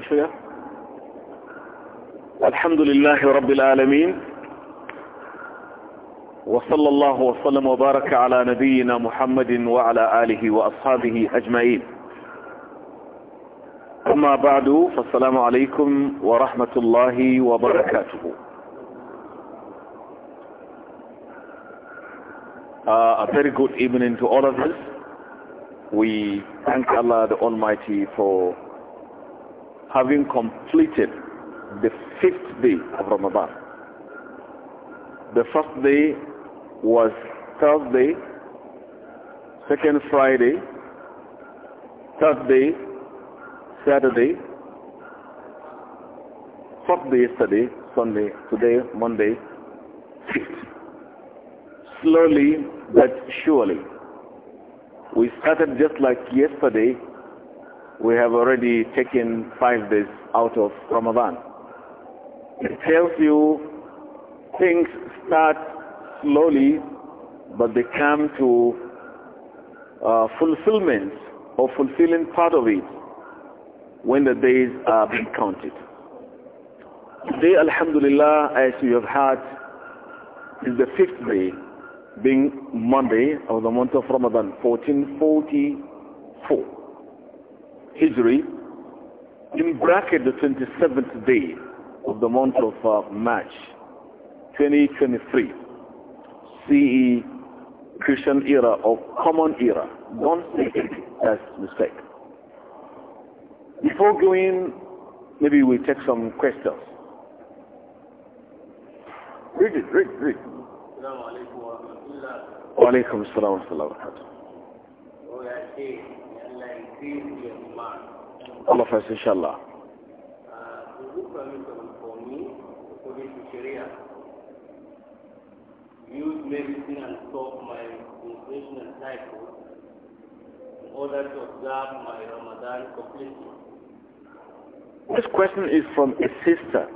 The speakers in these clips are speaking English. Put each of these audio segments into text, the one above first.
شوية الحمد لله رب العالمين وصلى الله وسلم وبارك على نبينا محمد وعلى آله وأصحابه أجمعين أما بعد فالسلام عليكم ورحمة الله وبركاته Uh, a very good evening to all of us. We thank Allah the Almighty for having completed the fifth day of Ramadan. The first day was Thursday, second Friday, third day, Saturday, fourth day yesterday, Sunday, today, Monday, fifth. Slowly but surely. We started just like yesterday we have already taken five days out of Ramadan. It tells you things start slowly, but they come to uh, fulfillment or fulfilling part of it when the days are being counted. Today, Alhamdulillah, as you have heard, is the fifth day, being Monday of the month of Ramadan, 1444. Hijri, in bracket the 27th day of the month of uh, March 2023, CE Christian era or common era. Don't take it as mistake. Before going, maybe we take some questions. Read it, read, read. Wa alaikum assalam wa Allah uh, use medicine and stop my cycle in order to observe my Ramadan completely? This question is from a sister.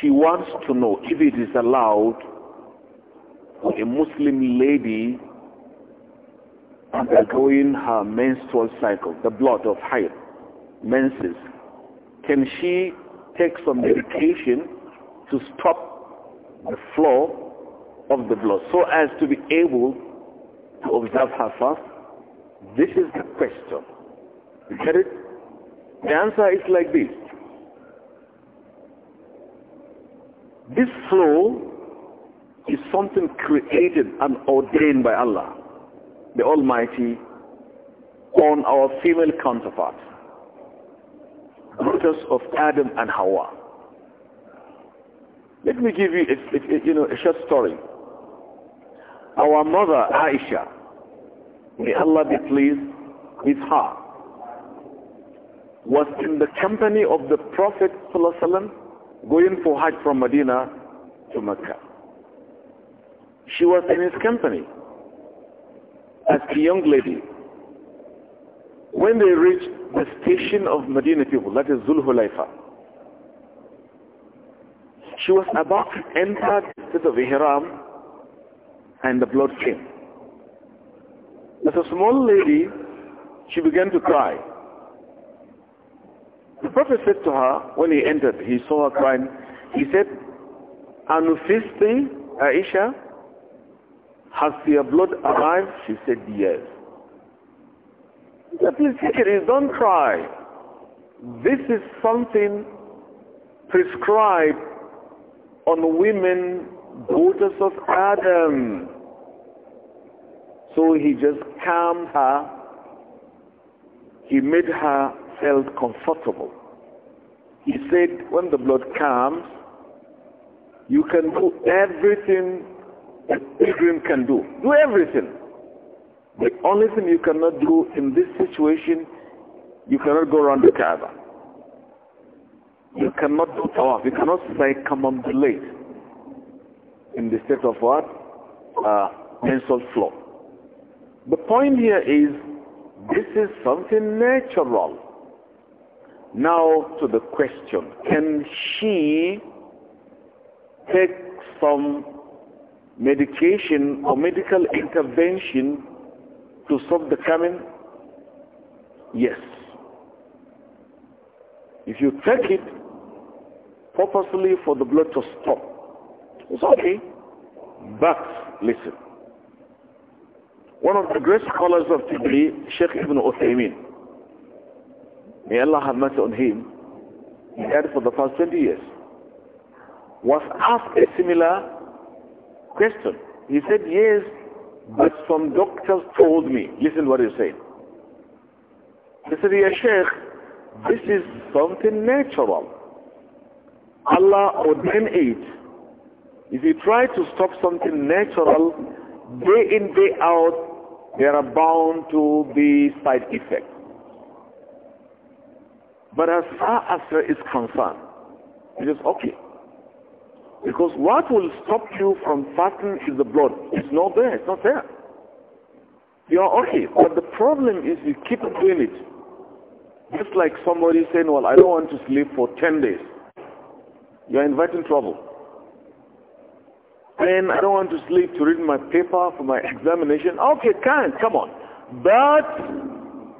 She wants to know if it is allowed for a Muslim lady undergoing her menstrual cycle, the blood of Hayat, menses, can she take some medication to stop the flow of the blood so as to be able to observe her fast? This is the question. You get it? The answer is like this. This flow is something created and ordained by Allah the Almighty on our female counterparts, daughters of Adam and Hawa. Let me give you a, a, you know, a short story. Our mother, Aisha, may Allah be pleased with her, was in the company of the Prophet ﷺ going for Hajj from Medina to Mecca. She was in his company as a young lady, when they reached the station of Medina people, that is Zulhulaifa, she was about to enter the state of Ihram and the blood came. As a small lady, she began to cry. The Prophet said to her, when he entered, he saw her crying, he said, Anufisti, Aisha, has your blood arrived? She said, yes. He said, please take it, don't cry. This is something prescribed on women, daughters of Adam. So he just calmed her. He made her felt comfortable. He said, when the blood comes, you can do everything a pilgrim can do. Do everything. The only thing you cannot do in this situation, you cannot go around the Kaaba. You cannot do tawaf. You cannot late. in the state of what? Uh, mental flow. The point here is this is something natural. Now to the question, can she take some medication or medical intervention to stop the coming? Yes. If you take it purposely for the blood to stop, it's okay. But listen, one of the great scholars of today, Sheikh Ibn Uthaymeen, may Allah have mercy on him, he had for the past 20 years, was asked a similar Question. He said, yes, but some doctors told me. Listen what he said. He said, Ya Sheikh, this is something natural. Allah ordained it. If you try to stop something natural, day in, day out, there are bound to be side effects. But as far as there is concern, says, okay. Because what will stop you from fasting is the blood. It's not there. It's not there. You are okay. But the problem is you keep doing it. Just like somebody saying, well, I don't want to sleep for 10 days. You are inviting trouble. Then I don't want to sleep to read my paper for my examination. Okay, can come on. But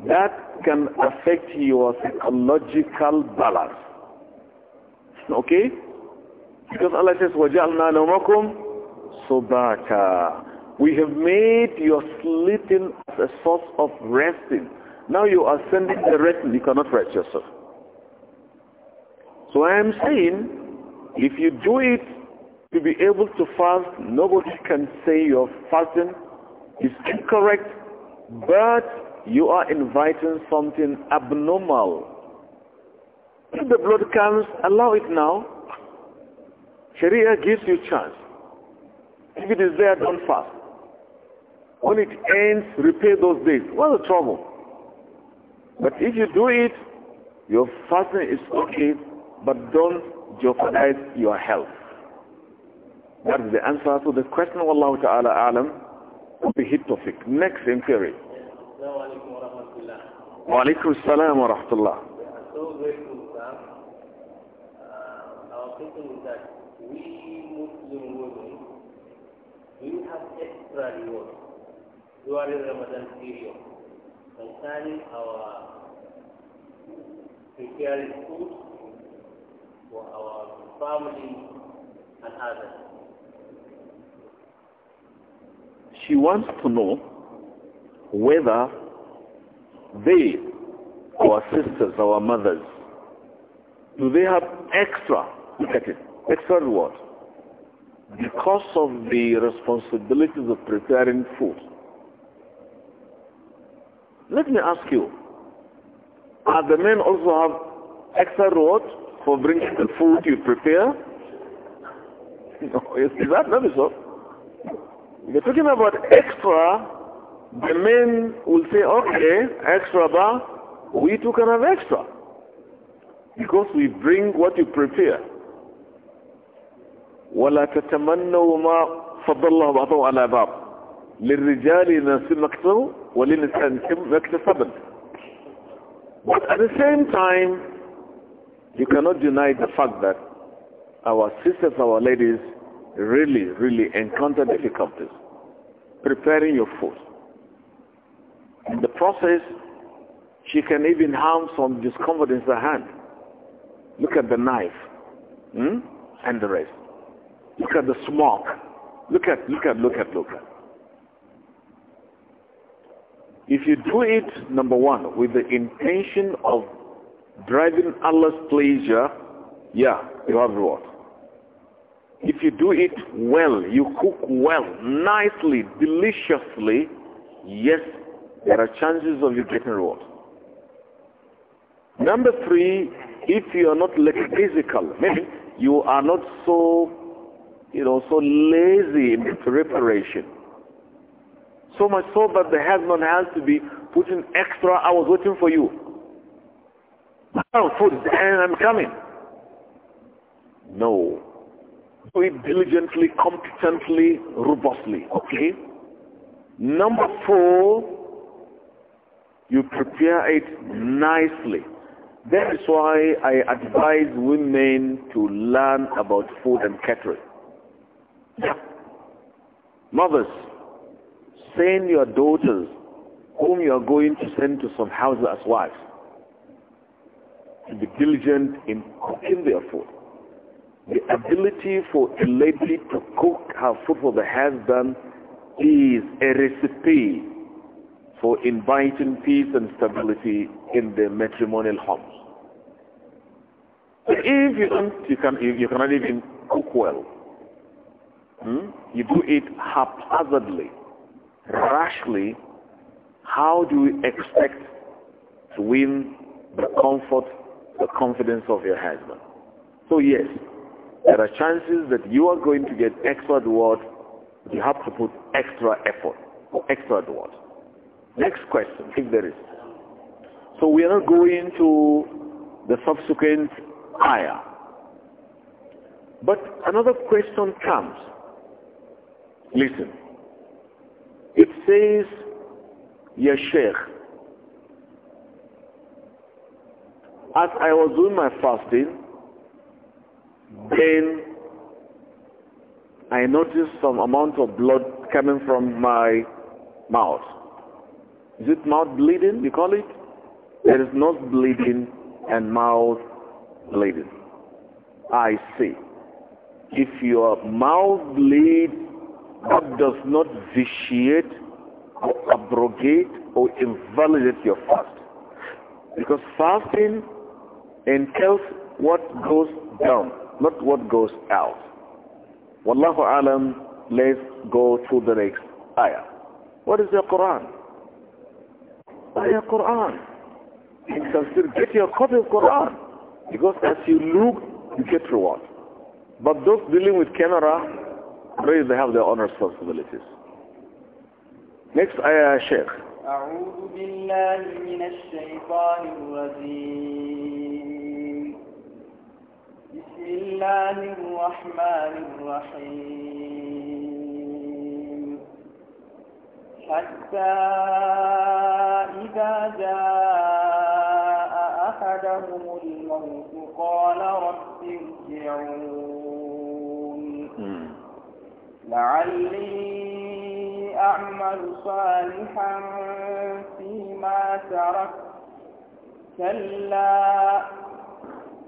that can affect your psychological balance. Okay? Because Allah says, وَجَعْلْنَا نَوْمَكُمْ سُبَاتًا We have made your sleeping as a source of resting. Now you are sending the rest, you cannot rest yourself. So I am saying, if you do it to be able to fast, nobody can say your fasting is incorrect, but you are inviting something abnormal. If the blood comes, allow it now. Sharia gives you chance. If it is there, don't fast. When it ends, repay those days. What's the trouble? But if you do it, your fasting is okay, but don't jeopardize your health. That is the answer to the question, Allah ta'ala alam, the hit Next inquiry. Wa alaikum salam wa rahmatullah. so grateful, Uh, our is that we Muslim women, we have extra reward during Ramadan period concerning our preparing food for our family and others. She wants to know whether they, our sisters, our mothers, do they have extra? Look at it. Extra what? Because of the responsibilities of preparing food. Let me ask you, are the men also have extra reward for bringing the food you prepare? No, is, is that not so? You're talking about extra, the men will say, okay, extra bar, we too can have extra. Because we bring what you prepare. ولا تتمنوا ما فضل الله على بعض للرجال وللنساء But at the same time, you cannot deny the fact that our sisters, our ladies, really, really encounter difficulties preparing your food. In the process, she can even harm some discomfort in her hand. Look at the knife hmm? and the rest. Look at the smoke. Look at, look at, look at, look at. If you do it, number one, with the intention of driving Allah's pleasure, yeah, you have reward. If you do it well, you cook well, nicely, deliciously, yes, there are chances of you getting reward. Number three, if you are not physical, maybe you are not so you know, so lazy in preparation. So much so that the husband has to be putting extra hours waiting for you. Oh, food, and I'm coming. No. Do it diligently, competently, robustly. Okay? Number four, you prepare it nicely. That is why I advise women to learn about food and catering. Mothers, send your daughters whom you are going to send to some houses as wives to be diligent in cooking their food. The ability for a lady to cook her food for the husband is a recipe for inviting peace and stability in the matrimonial homes. If you don't, you can, you, you cannot even cook well. Hmm? You do it haphazardly, rashly. How do you expect to win the comfort, the confidence of your husband? So yes, there are chances that you are going to get extra reward. You have to put extra effort or extra reward. Next question, if there is. So we are not going to the subsequent ayah. But another question comes. Listen. It says, Ya as I was doing my fasting, then I noticed some amount of blood coming from my mouth. Is it mouth bleeding, you call it? There is nose bleeding and mouth bleeding. I see. If your mouth bleeds, that does not vitiate or abrogate or invalidate your fast. Because fasting entails what goes down, not what goes out. Wallahu alam, let's go to the next ayah. What is your Quran? Ayah Quran. You can still get your copy of Quran. Because as you look, you get reward. But those dealing with camera, Raise they have their own responsibilities. Next ayah, Sheikh. أعوذ بالله من الشيطان الرجيم بسم الله الرحمن الرحيم حتى إذا جاء أحدهم الموت قال رب ارجعون لعلي أعمل صالحا فيما تركت كلا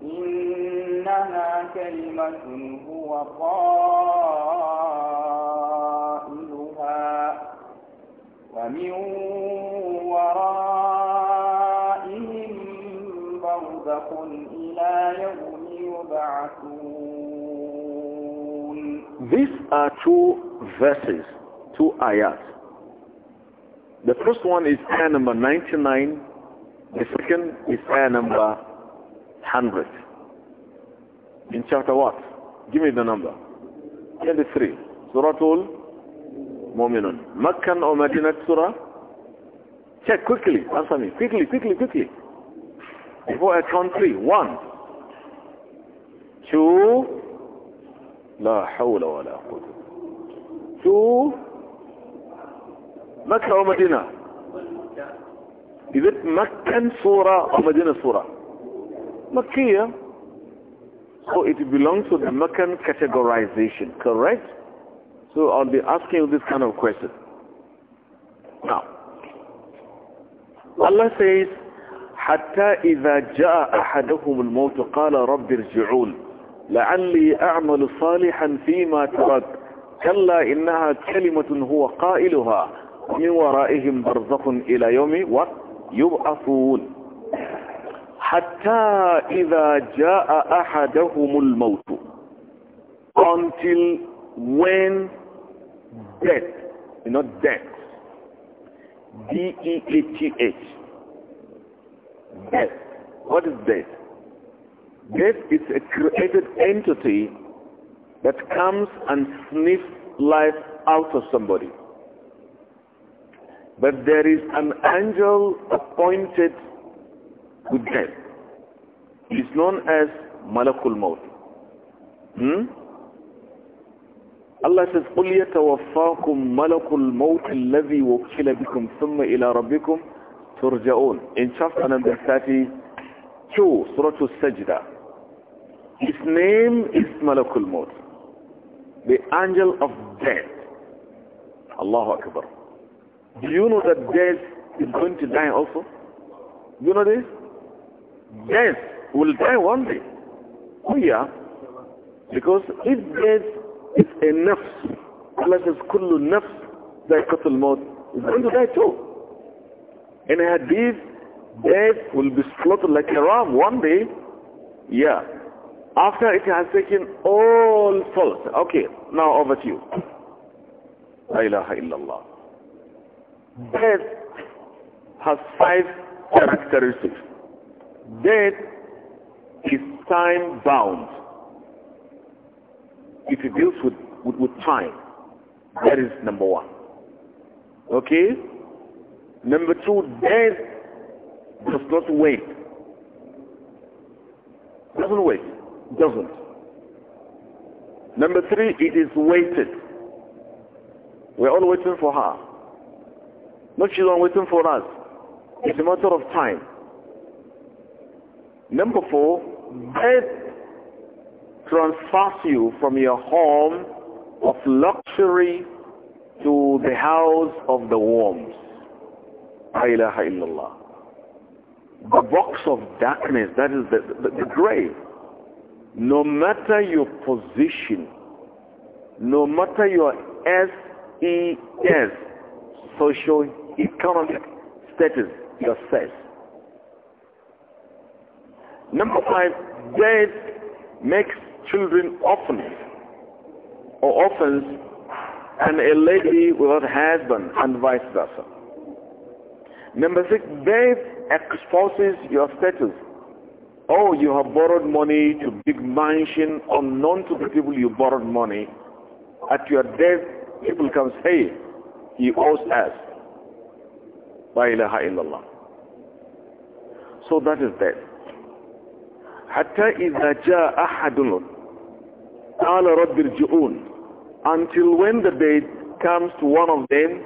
إنها كلمة هو قائلها ومن ورائهم برزخ إلى يوم يبعثون These are two verses, two ayat. The first one is ayah number 99. The second is ayah number 100. In chapter what? Give me the number. 23. Suratul Muminun. Makkan or Madinah Surah? Check quickly. Answer me. Quickly, quickly, quickly. Before I count three. One. Two. لا حول ولا قوة شو مكة ومدينة إذا مكة صورة ومدينة صورة مكية So it belongs to the Meccan categorization, correct? So I'll be asking you this kind of question. Now, Allah says, حتى إذا جاء أحدهم الموت قال رب ارجعون لعلي أعمل صالحا فيما ترك كلا إنها كلمة هو قائلها من ورائهم برزخ إلى يوم ويبعثون حتى إذا جاء أحدهم الموت until when death not death D-E-A-T-H death what is death Death is a created entity that comes and sniffs life out of somebody. But there is an angel appointed with death. He is known as Malakul Maut. Hmm? Allah says, قُلْ يَتَوَفَّاكُمْ مَلَكُ الْمَوْتِ الَّذِي وَكِّلَ بِكُمْ ثُمَّ إِلَى رَبِّكُمْ تُرْجَعُونَ In chapter number 32, Surah Al-Sajdah, his name is Malakul Moth, the angel of death. Allahu Akbar. Do you know that death is going to die also? Do you know this? Death will die one day. Oh yeah. Because if death is a nafs, Allah says, كل نفس ذائقة Moth is going to die too. In a hadith, death will be slaughtered like a ram one day. Yeah. After it has taken all faults. Okay, now over to you. La ilaha illallah. Death has five characteristics. Death is time bound. If it deals with, with, with time, that is number one. Okay? Number two, death does not wait. Doesn't wait doesn't. Number three, it is waited. We're all waiting for her. Not she's not waiting for us. It's a matter of time. Number four, death transfers you from your home of luxury to the house of the worms. ilaha illallah. The box of darkness, that is the, the, the grave no matter your position, no matter your SES, social economic status, your sex. Number five, death makes children orphans or orphans and a lady without husband and vice versa. Number six, death exposes your status Oh, you have borrowed money to big mansion unknown to the people you borrowed money. At your death, people can say, he owes us. By ilaha illallah. So that is that. Hatta إذا جاء أحد قال رب until when the day comes to one of them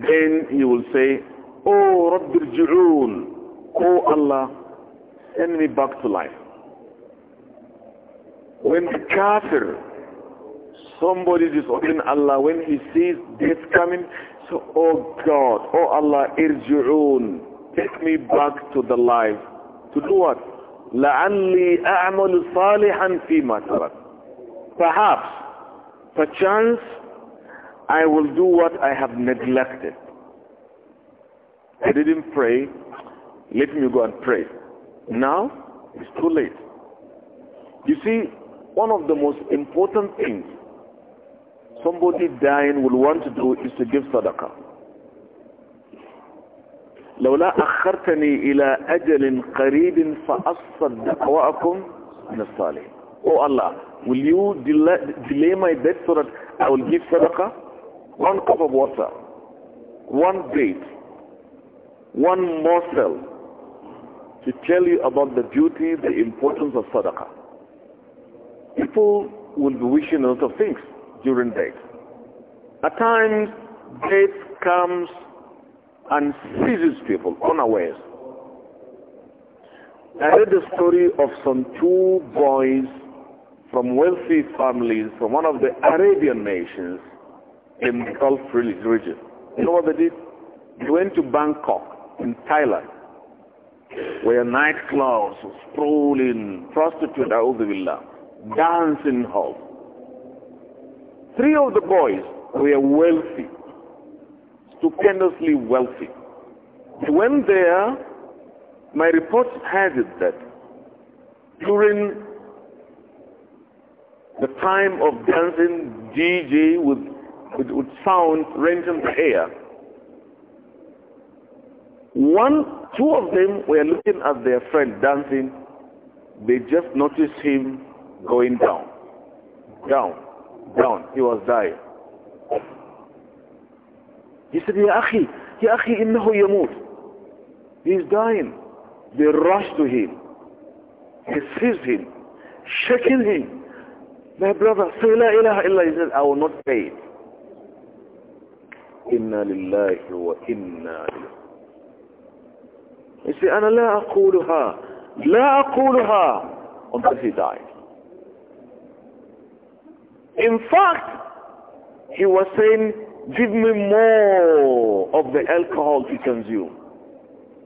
then he will say oh Rabbi ارجعون oh Allah enemy back to life. When the kafir, somebody disobeying Allah, when he sees death coming, so, oh God, oh Allah, irji'un, take me back to the life. To do what? لَعَلِّي أَعْمَلُ صَالِحًا فِي مَا تَرَكْ Perhaps, perchance, I will do what I have neglected. I didn't pray. Let me go and pray. Now, it's too late. You see, one of the most important things somebody dying will want to do is to give sadaqah. لولا أخرتني إلى أجل قريب فأصدق وأكم من الصالحين Oh Allah, will you delay, delay my death so that I will give sadaqah? One cup of water, one date, one morsel, to tell you about the beauty, the importance of sadaqah. People will be wishing a lot of things during death. At times, death comes and seizes people unawares. I read the story of some two boys from wealthy families from one of the Arabian nations in the Gulf region. You know what they did? They went to Bangkok in Thailand where nightclubs, sprawling, prostitute, billah, dancing hall. Three of the boys were wealthy, stupendously wealthy. When there, my report has it that during the time of dancing, DJ would, would, would sound rent in the air. One, two of them were looking at their friend dancing. They just noticed him going down, down, down. He was dying. He said, Ya Akhi, Ya Akhi, innahu yamut. He's dying. They rushed to him. He seized him, shaking him. My brother, say la ilaha illa. He said, I will not pay it. Inna lillahi wa inna he said, أنا لا أقولها لا أقولها until he died. In fact, he was saying, give me more of the alcohol to consume.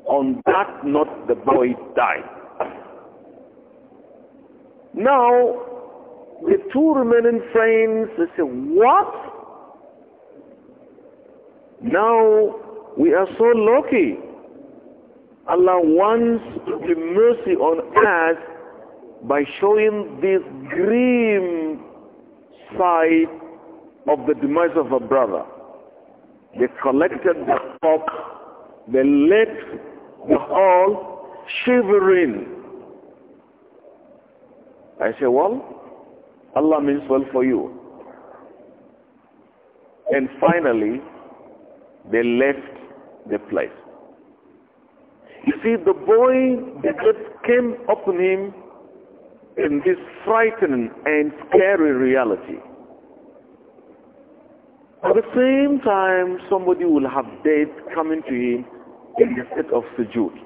On that note, the boy died. Now, the two remaining friends, they say, what? Now, we are so lucky. Allah wants to mercy on us by showing this grim side of the demise of a brother. They collected the cup, they left the hall shivering. I say, well, Allah means well for you. And finally, they left the place. You see, the boy that came upon him in this frightening and scary reality. At the same time, somebody will have death coming to him in the state of sujood.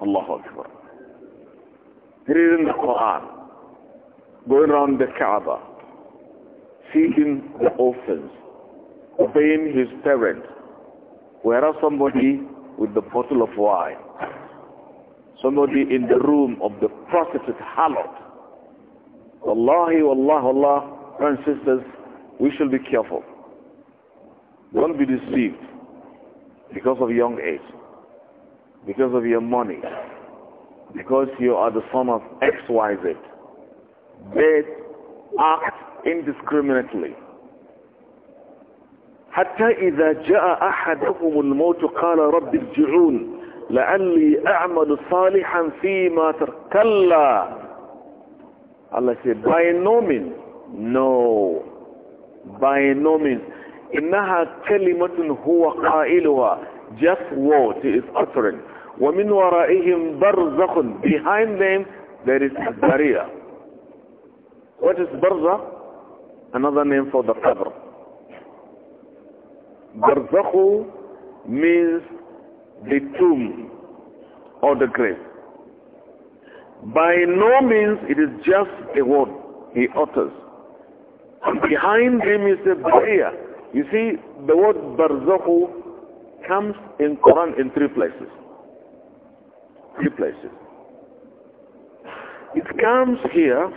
Allahu Akbar. Reading the Quran, going around the Kaaba, seeking the orphans, obeying his parents, whereas somebody with the bottle of wine. Somebody in the room of the prostitute harlot. Wallahi, wallah, Allah, brothers and sisters, we shall be careful. Don't be deceived because of young age, because of your money, because you are the son of XYZ. They act indiscriminately حتى إذا جاء أحدهم الموت قال رب ارجعون لعلي أعمل صالحا فيما تركلا الله سيقول by no means no by no means إنها كلمة هو قائلها just what is uttering ومن ورائهم برزخ behind them there is a barrier what is برزخ another name for the cover Barzakhu means the tomb or the grave. By no means it is just a word he utters. Behind him is a barrier. You see, the word Barzakhu comes in Quran in three places. Three places. It comes here,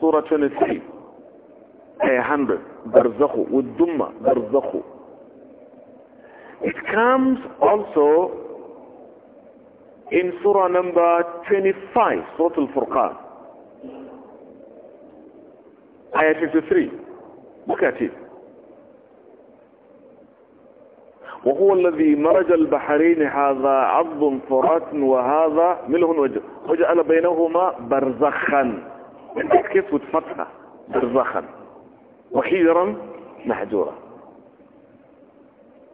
Surah 23, a 100, Barzakhu, with Dumma, Barzakhu. It comes also in surah number 25, Surah Al-Furqan, ayah 53. Look at it. وهو الذي مرج البحرين هذا عظ فرات وهذا مله وجه وجعل بينهما برزخا كيف تفتح برزخا وحجرا محجورا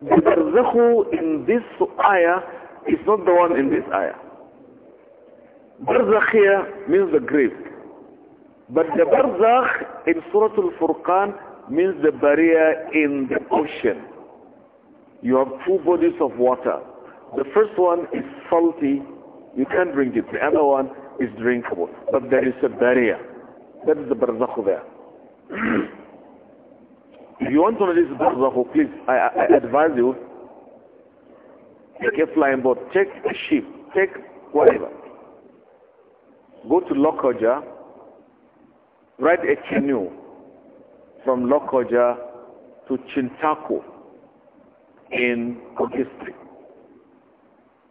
The barzakh in this ayah is not the one in this ayah. Barzakh here means the grave. But the barzakh in Surah Al-Furqan means the barrier in the ocean. You have two bodies of water. The first one is salty. You can't drink it. The other one is drinkable. But there is a barrier. That is the barzakh there. If you want to know this barzakh, please, I, I advise you, take a flying boat, take a ship, take whatever. Go to Lokoja, ride a canoe from Lokoja to Chintaku in Kogistri.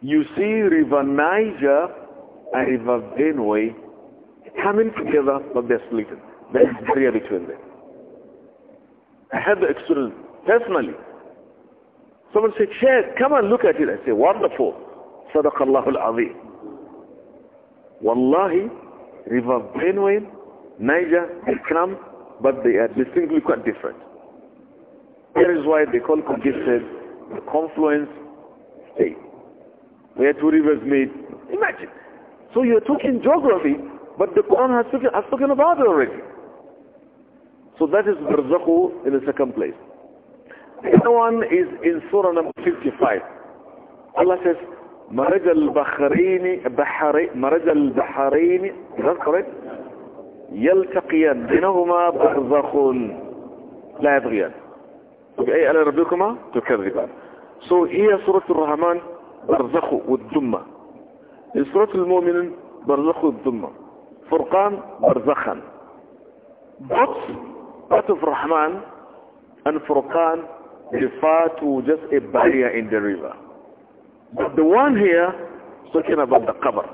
You see River Niger and River Benue coming together, but they're split. There is barrier between them. I had the experience personally. Someone said, "Shaykh, come and look at it. I said, wonderful. Sadaqallahu al-Azim. Wallahi, River Benue, Niger, Ikram, but they are distinctly quite different. Here is why they call it the confluence state, where two rivers meet. Imagine. So you're talking geography, but the Quran has spoken, has spoken about it already. So that is Barzakhu in the second place. The other one is in Surah number 55. Allah says, مرج البحرين بحرين مرج البحرين is that correct? يلتقيان بينهما برزخ لا يبغيان. أي ألا ربكما تكذبان. So here سورة الرحمن برزخ والدمة. In سورة المؤمن برزخ والدمة. فرقان برزخا. But Part of Rahman and Furqan refer to just a barrier in the river. But the one here talking about the cover.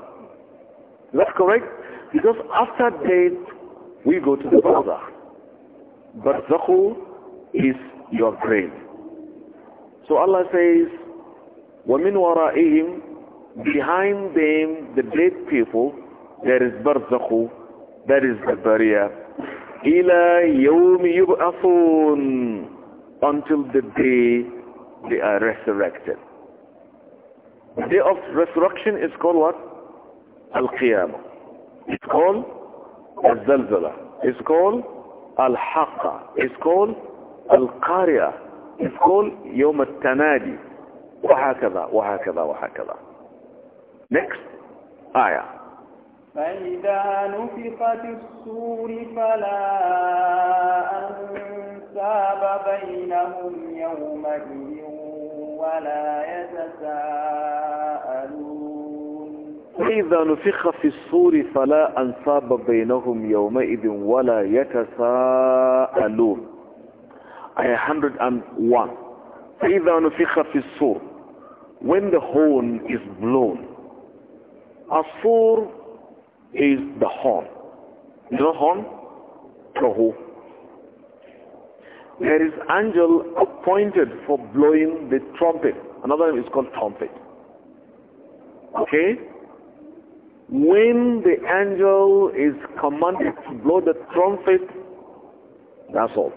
that's correct? Because after death, we go to the barzakh. Barzakhu is your grave. So Allah says, وَمِنْ وَرَائِهِمْ Behind them, the dead people, there is barzakhu, that is the barrier. Until the day they are resurrected. The day of resurrection is called what? Al-Qiyamah. It's called Al-Zalzala. It's called Al-Haqqa. It's called Al-Qariya. It's called Yawm Al-Tanadi. وهكذا وهكذا وهكذا. Next ayah. فإذا نفخ في الصور فلا أنساب بينهم يومئذ ولا يتساءلون فإذا نفخ في الصور فلا أنساب بينهم يومئذ ولا يتساءلون آية 101 فإذا نفخ في الصور when the horn is blown الصور is the horn. You know horn? Prahu. There is angel appointed for blowing the trumpet. Another name is called trumpet. Okay? When the angel is commanded to blow the trumpet, that's all.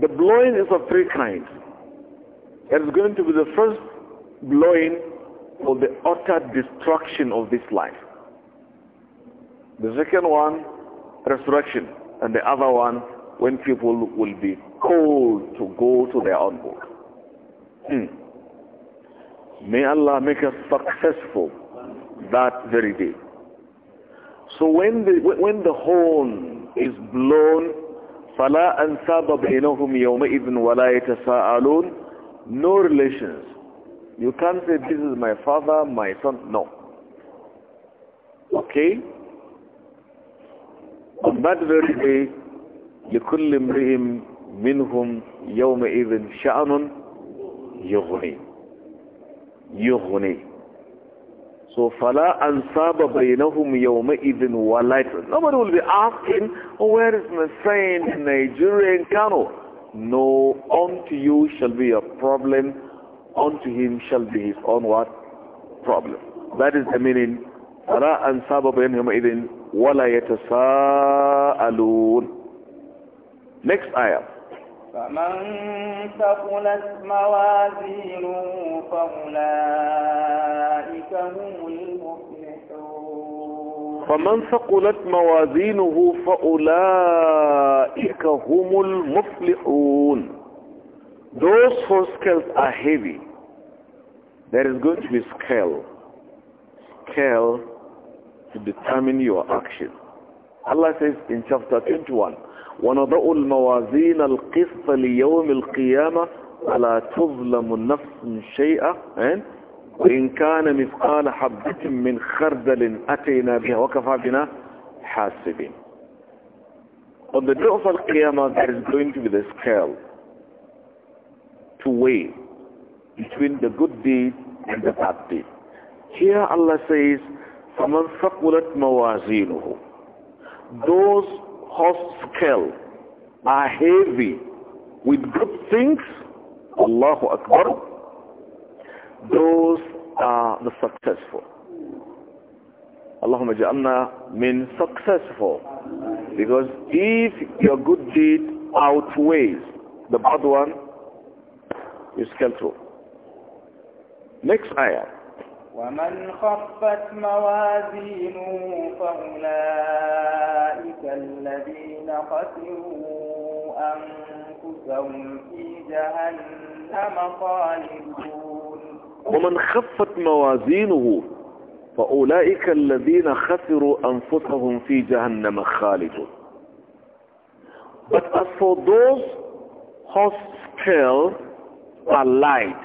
The blowing is of three kinds. It is going to be the first blowing for the utter destruction of this life. The second one, resurrection. And the other one, when people will be called to go to their own book. Hmm. May Allah make us successful that very day. So when the, when the horn is blown, فَلَا أَنْسَابَ بَيْنَهُمْ يَوْمَئِذٍ وَلَا يَتَسَاءَلُونَ No relations. You can't say, this is my father, my son. No. Okay? But very day, لكل امرئ منهم يومئذ شأن يغني يغني So فلا أنصاب بينهم يومئذ ولا Nobody will be asking, oh, where is my friend Nigerian Kano? No, unto you shall be a problem, unto him shall be his own what? Problem. That is the meaning. فلا أنصاب بينهم يومئذ ولا يتساءلون next ayah آية. فمن ثقلت موازينه فأولئك هم المفلحون فمن ثقلت موازينه فأولئك هم المفلحون Those whose scales are heavy, there is going to be scale. Scale to determine your action. Allah says in chapter 21, وَنَضَعُ الْمَوَازِينَ الْقِسْطَ لِيَوْمِ الْقِيَامَةِ وَلَا تُظْلَمُ نَفْسٌ شَيْئًا and وإن كان مثقال حبة من خردل أتينا بها وكفى بنا حاسبين On the day of Al-Qiyamah there is going to be the scale to weigh between the good deed and the bad deed. Here Allah says فَمَنْ ثَقُلَتْ مَوَازِينُهُ Those whose scale are heavy with good things, Allahu Akbar, those are the successful. Allahumma ja'alna means successful. Because if your good deed outweighs the bad one, you scale through. Next ayah. ومن خفت موازينه فأولئك الذين خسروا أنفسهم في جهنم خالدون ومن خفت موازينه فأولئك الذين خسروا أنفسهم في جهنم خالدون But as for those whose scale are light,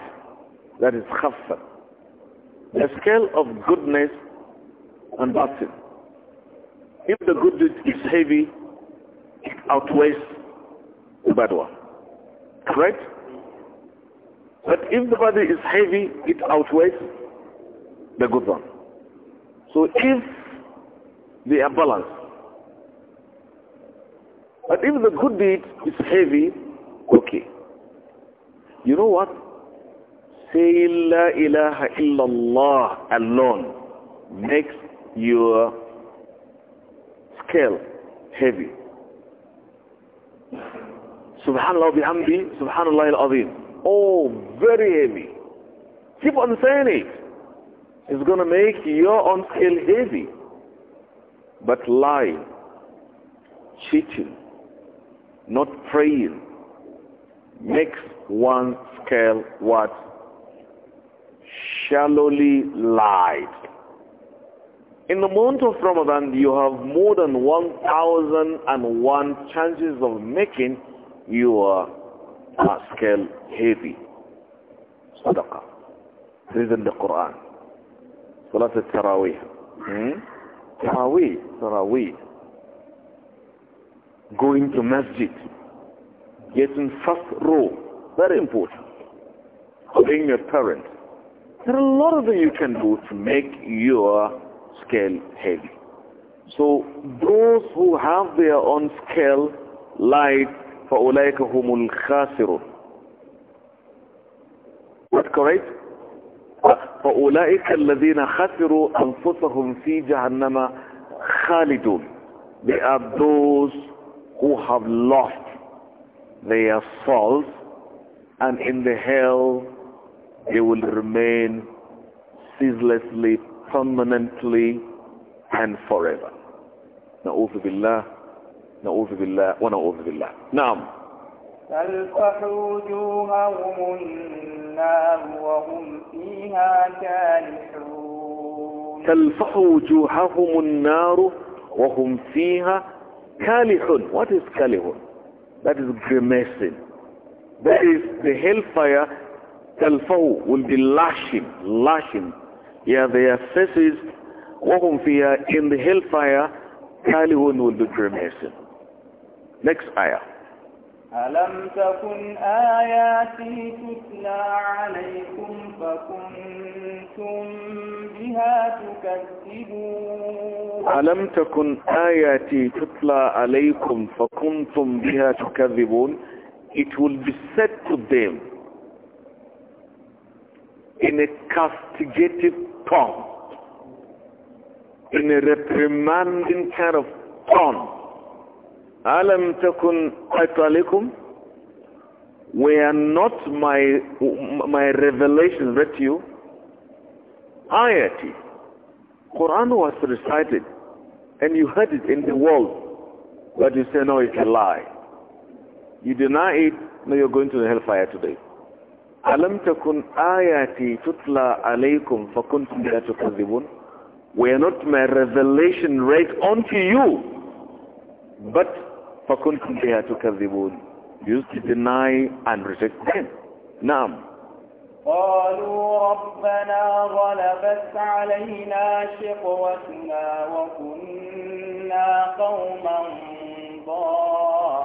that is خفت a scale of goodness and bad If the good is heavy, it outweighs the bad one. Correct? But if the body is heavy, it outweighs the good one. So if they are balanced, but if the good deed is heavy, okay. You know what? Saying La ilaha illallah alone makes your scale heavy. Subhanallah bihamdi, subhanallah al-azim. Oh, very heavy. Keep on saying it. It's going to make your own scale heavy. But lying, cheating, not praying, makes one scale what shallowly lied. In the month of Ramadan, you have more than 1,001 chances of making your scale heavy. Sadaqah. Read in the Quran. Salat al-Taraweeh. Hmm? Taraweeh. Taraweeh. Going to masjid. Getting first row. Very important. Being your parent. There are a lot of things you can do to make your scale heavy. So those who have their own scale light, for هُمُ الْخَاسِرُونَ That's correct? فَأُولَئِكَ الَّذِينَ khasiru أَنفُسَهُمْ فِي جَهَنَّمَ خَالِدُونَ They are those who have lost their souls and in the hell it will remain ceaselessly, permanently, and forever. Na'udhu billah, na'udhu billah, wa na'udhu billah. Naam. تَلْفَحُ وُجُوهَهُمُ النَّارُ وَهُمْ فِيهَا كَالِحُونَ تَلْفَحُ وُجُوهَهُمُ النَّارُ وَهُمْ فِيهَا كَالِحُونَ What is كَالِحُونَ? That is grimacing. That is the hellfire تلفوا will be lashing, lashing. Yeah, their faces, وهم فيها in the hellfire, كالهون will be grimacing. Next ayah. ألم تكن آياتي تتلى عليكم فكنتم بها تكذبون ألم تكن آياتي تتلى عليكم فكنتم بها تكذبون It will be said to them in a castigative tone, in a reprimanding kind of tone. أَلَمْ تَكُنْ أَتَلِكُمْ Were not my, my revelation read to you? Ayati. Quran was recited and you heard it in the world, but you say, no, it's a lie. You deny it, now you're going to the hellfire today. ألم تكن آياتي تتلى عليكم فكنتم لا تكذبون are not my revelation right unto you but فكنتم بها تكذبون used to deny and reject them نعم قالوا ربنا غلبت علينا شقوتنا وكنا قوما ضالين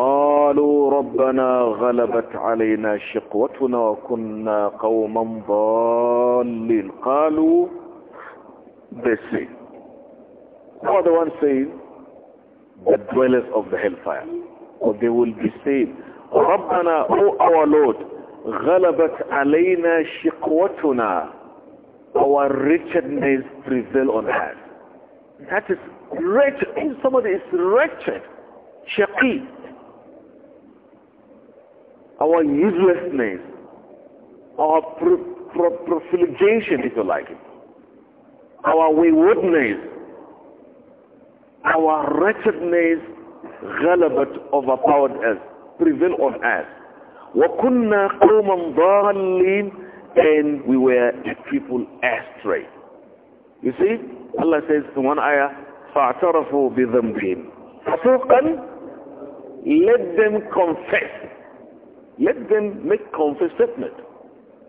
قالوا ربنا غلبت علينا شقوتنا وكنا قوما ضالين قالوا they say who are the ones saying the dwellers of the hellfire or they will be saved ربنا oh our Lord غلبت علينا شقوتنا our wretchedness prevail on us that is wretched somebody is wretched shaqi our uselessness, our pro profligation, if you like it, our waywardness, our wretchedness, غلبت overpowered us, prevail on us. وَكُنَّا قَوْمًا ضَالِّينَ And we were a people astray. You see, Allah says in one ayah, فَاعْتَرَفُوا بِذَنْبِهِمْ فَسُوقًا Let them confess let them make confess statement.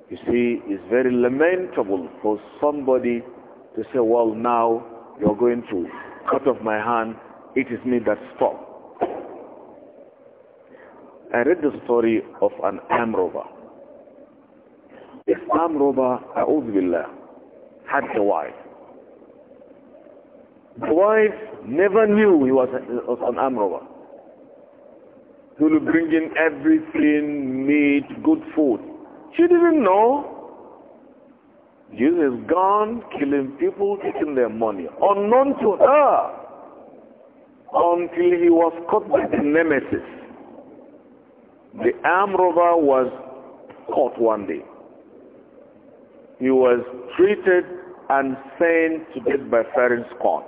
You see, it's very lamentable for somebody to say, well, now you're going to cut off my hand. It is me that stopped. I read the story of an arm robber. This arm robber, A'udhu had a wife. The wife never knew he was, was an arm robber. He will bring in everything, meat, good food. She didn't know. Jesus is gone, killing people, taking their money, unknown to her, until he was caught by the nemesis. The arm robber was caught one day. He was treated and sent to death by firing squad.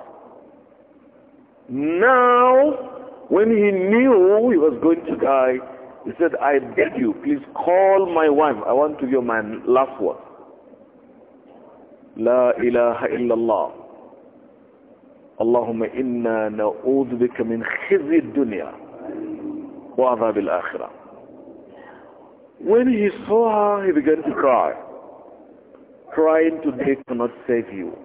Now, when he knew he was going to die, he said, I beg you, please call my wife. I want to give my last word. La ilaha illallah. اللهم إنا نعوذ بك من خزي الدنيا وعذاب الآخرة When he saw her, he began to cry. Crying today cannot save you.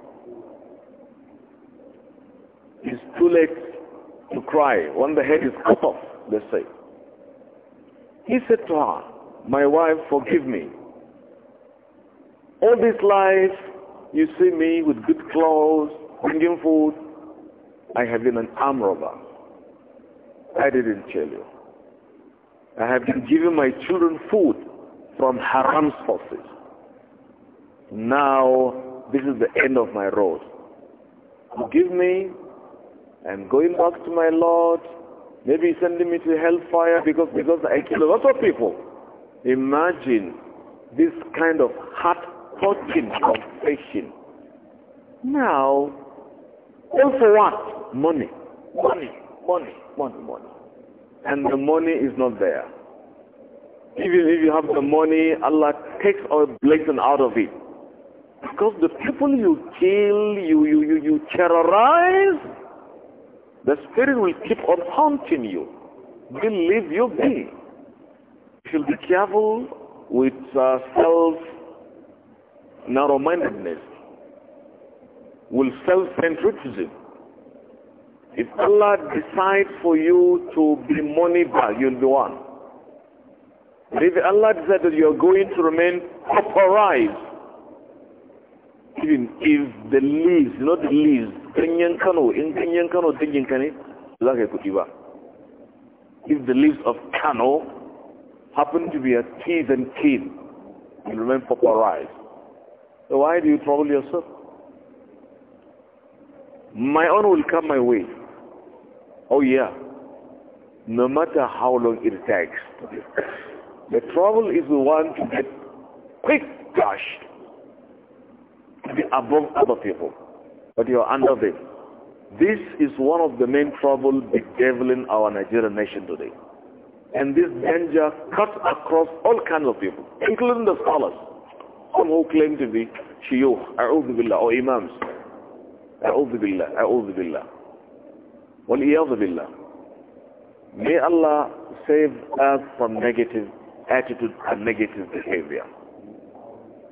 It's too late to cry when the head is cut off, they say. He said to her, my wife, forgive me. All this life, you see me with good clothes, bringing food. I have been an arm robber. I didn't tell you. I have been giving my children food from haram sources. Now, this is the end of my road. Forgive me I'm going back to my Lord. Maybe he's sending me to hellfire because, because I kill a lot of people. Imagine this kind of heart-touching confession. Now, all for what? Money. Money, money, money, money. And the money is not there. Even if you have the money, Allah takes our blessing out of it. Because the people you kill, you, you, you, you terrorize, the spirit will keep on haunting you. Believe you be. You should be careful with uh, self narrow-mindedness, with self-centricism. If Allah decides for you to be money bag, you'll be one. if Allah decides that you're going to remain pauperized, even if the leaves you know the leaves ganyen kano in ganyen kano dinginka ne za ka yi if the leaves of kano happen to be a teeth and keen will remain pauperized so why do you trouble yourself my own will come my way oh yeah no matter how long it takes the trouble is the one to get quick cash to be above other people, but you are under them. This is one of the main troubles bedeviling our Nigerian nation today. And this danger cuts across all kinds of people, including the scholars, some who claim to be shiyukh, a'udhu billah, or imams. A'udhu billah, a'udhu billah. Wal-iyadhu billah. May Allah save us from negative attitude and negative behavior.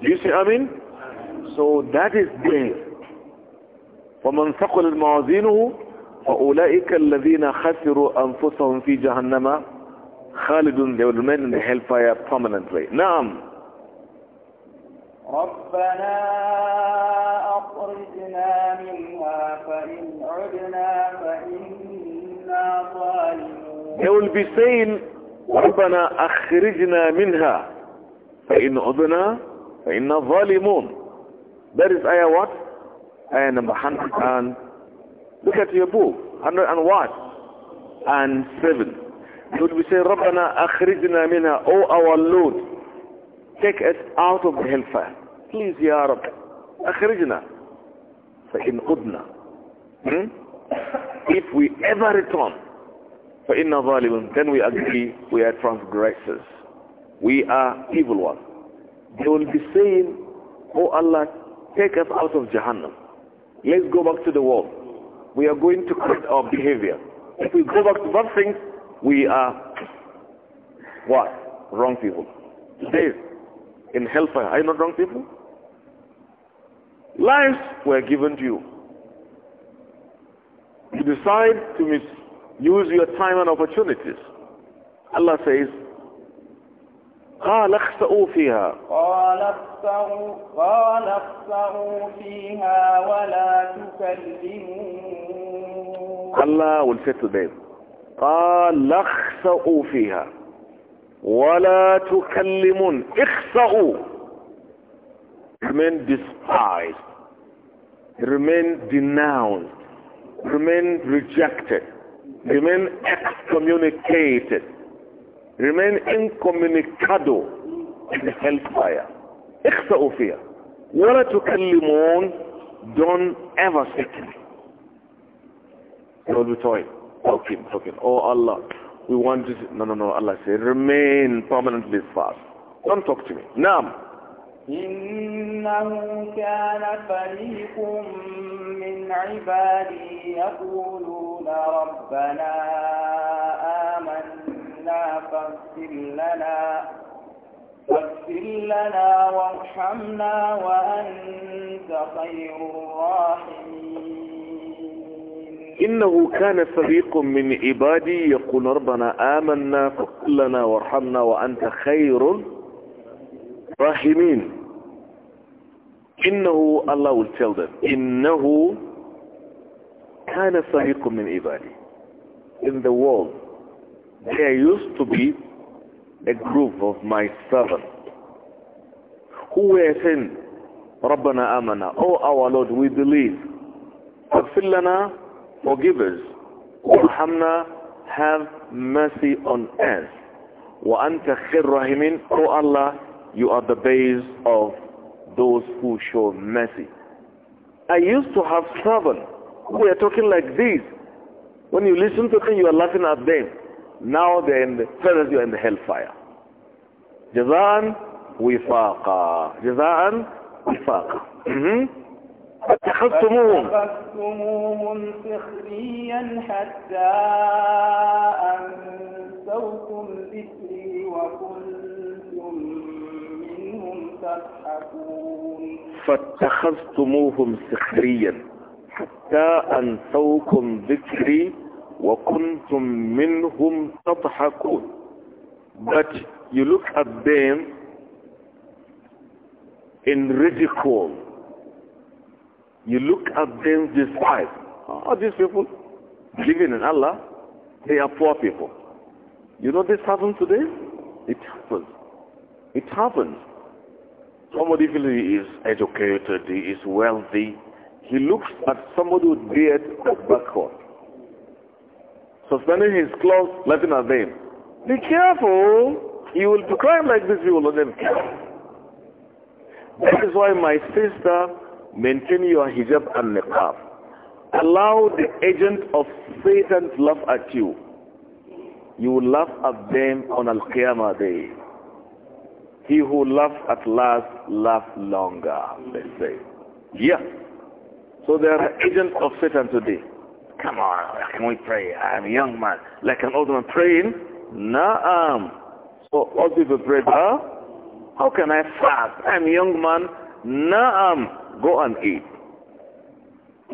Do you see what I mean? So that is there. ومن ثقل الموازينه فأولئك الذين خسروا أنفسهم في جهنم خالد they will remain in the hellfire permanently نعم ربنا أخرجنا منها فإن عدنا فإنا ظالمون They will be saying ربنا أخرجنا منها فإن عدنا فإنا ظالمون That is ayah what? Ayah number 100 and look at your book. 100 and what? And 7. Would we say, رَبَّنَا أَخْرِجْنَا مِنْهَا O our Lord, take us out of the hellfire. Please, Ya Rab, أخرجنا فإن قدنا hmm? If we ever return, فإنا ظالمون Then we agree we are transgressors. We are evil ones. They will be saying, Oh Allah, Take us out of Jahannam. Let's go back to the world. We are going to correct our behavior. If we go back to bad things, we are what? Wrong people. Today, in hellfire, are you not wrong people? Lives were given to you. You decide to misuse your time and opportunities. Allah says, قال اخسأوا فيها قال اخسأوا, قال اخسأوا فيها ولا تكلمون الله والست البيض قال اخسأوا فيها ولا تكلمون اخسأوا remain despised remain denounced remain rejected remain excommunicated remain incommunicado in the hellfire. اخسأوا فيها ولا تكلمون don't ever speak to me. You'll be talking, talking, talking. Oh Allah, we want to... No, no, no, Allah said, remain permanently fast. Don't talk to me. Naam. إنه كان فريق من عبادي يقولون ربنا إلا فاغفر لنا فاغفر لنا وارحمنا وأنت خير الراحمين إنه كان فريق من عبادي يقول ربنا آمنا فاغفر لنا وارحمنا وأنت خير الراحمين إنه الله will tell them إنه كان فريق من عبادي in the world there used to be a group of my servants who were saying, رَبَّنَا آمَنَا Oh our Lord, we believe. فَغْفِرْ لَنَا Forgive us. وَرْحَمْنَا Have mercy on us. Wa anta khirrahimin, Oh Allah, you are the base of those who show mercy. I used to have servants who were talking like this. When you listen to them, you are laughing at them. now they are in the presence you are in the hellfire جزاء وفاقا جزاء وفاقا اتخذتموهم اتخذتموهم سخريا حتى أنسوكم ذكري وكنتم منهم تضحكون فاتخذتموهم سخريا حتى أنسوكم ذكري وَكُنْتُمْ مِنْهُمْ تَضْحَكُونَ But you look at them in ridicule. You look at them despise. Oh, these people believing in Allah, they are poor people. You know this happens today? It happens. It happens. Somebody feels he is educated, he is wealthy. He looks at somebody with beard or backward suspending his clothes, laughing at them. Be careful. You will be crying like this, you will not them. That is why my sister, maintain your hijab and niqab. Allow the agent of Satan to laugh at you. You will laugh at them on Al-Qiyamah day. He who laughs at last, laughs longer, they say. Yeah. So they are agents of Satan today. Come on, can we pray? I'm a young man. Like an old man praying? Naam. So all people pray, huh? How can I fast? I'm a young man. Naam. Go and eat.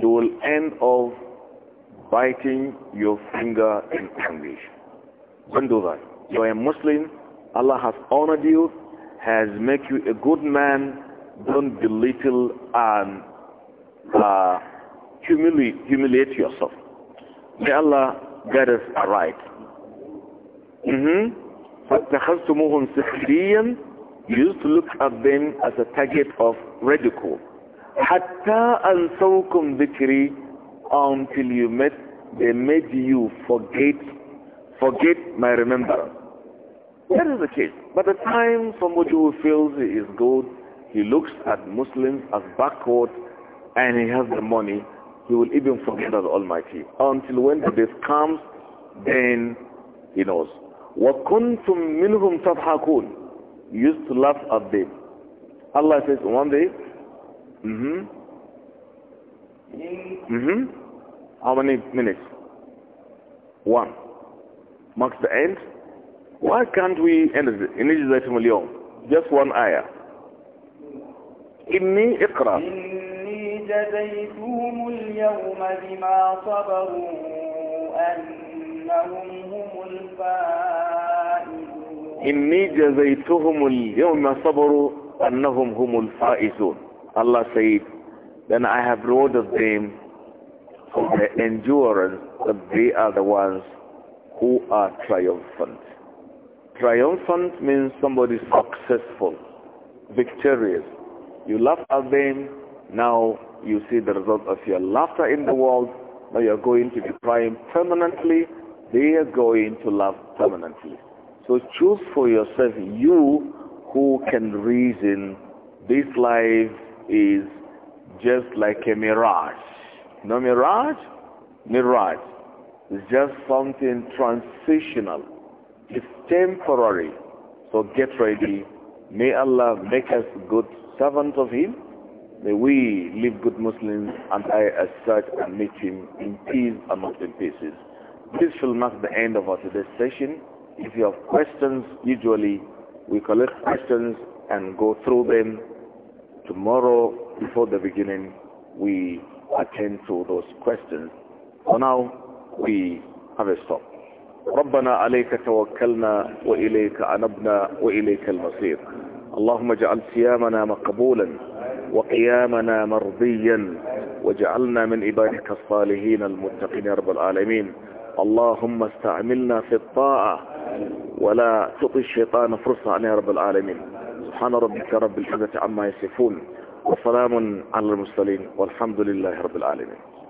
You will end up biting your finger in anguish. Don't do that. You are a Muslim. Allah has honored you, has made you a good man. Don't belittle and uh, humiliate, humiliate yourself. May Allah guide us aright. Mm-hmm. فَاتَّخَذْتُمُهُمْ سِخْرِيًا You used to look at them as a target of ridicule. حَتَّى أَنْسَوْكُمْ ذِكْرِي Until you met, they made you forget, forget my remembrance. That is the case. By the time somebody who feels he is good, he looks at Muslims as backward and he has the money we will even forget the Almighty. Until when the death comes, then he knows. وَكُنْتُمْ مِنْهُمْ تَضْحَكُونَ You used to laugh at them. Allah says one day, mm-hmm, mm-hmm, how many minutes? One. Marks the end. Why can't we end it? In Ijzatim al Just one ayah. إِنِّي إِقْرَأ جزيتهم اليوم بما صبروا أنهم هم الفائزون إني جزيتهم اليوم صبروا أنهم هم الفائزون Allah said, then I have rewarded them for the endurance that they are the ones who are triumphant. Triumphant means somebody successful, victorious. You laugh at them, now you see the result of your laughter in the world, but you're going to be crying permanently. They are going to laugh permanently. So choose for yourself you who can reason this life is just like a mirage. No mirage? Mirage. It's just something transitional. It's temporary. So get ready. May Allah make us good servants of Him. May we live good Muslims and I as such and meet him in peace and not in pieces. This will mark the end of our today's session. If you have questions, usually we collect questions and go through them. Tomorrow, before the beginning, we attend to those questions. For now, we have a stop. ربنا عليك توكلنا وإليك أنبنا وإليك المصير اللهم اجعل صيامنا مقبولا وقيامنا مرضيا وجعلنا من عبادك الصالحين المتقين يا رب العالمين اللهم استعملنا في الطاعة ولا تطي الشيطان فرصة عنه يا رب العالمين سبحان ربك رب الحزة عما يصفون وسلام على المرسلين والحمد لله رب العالمين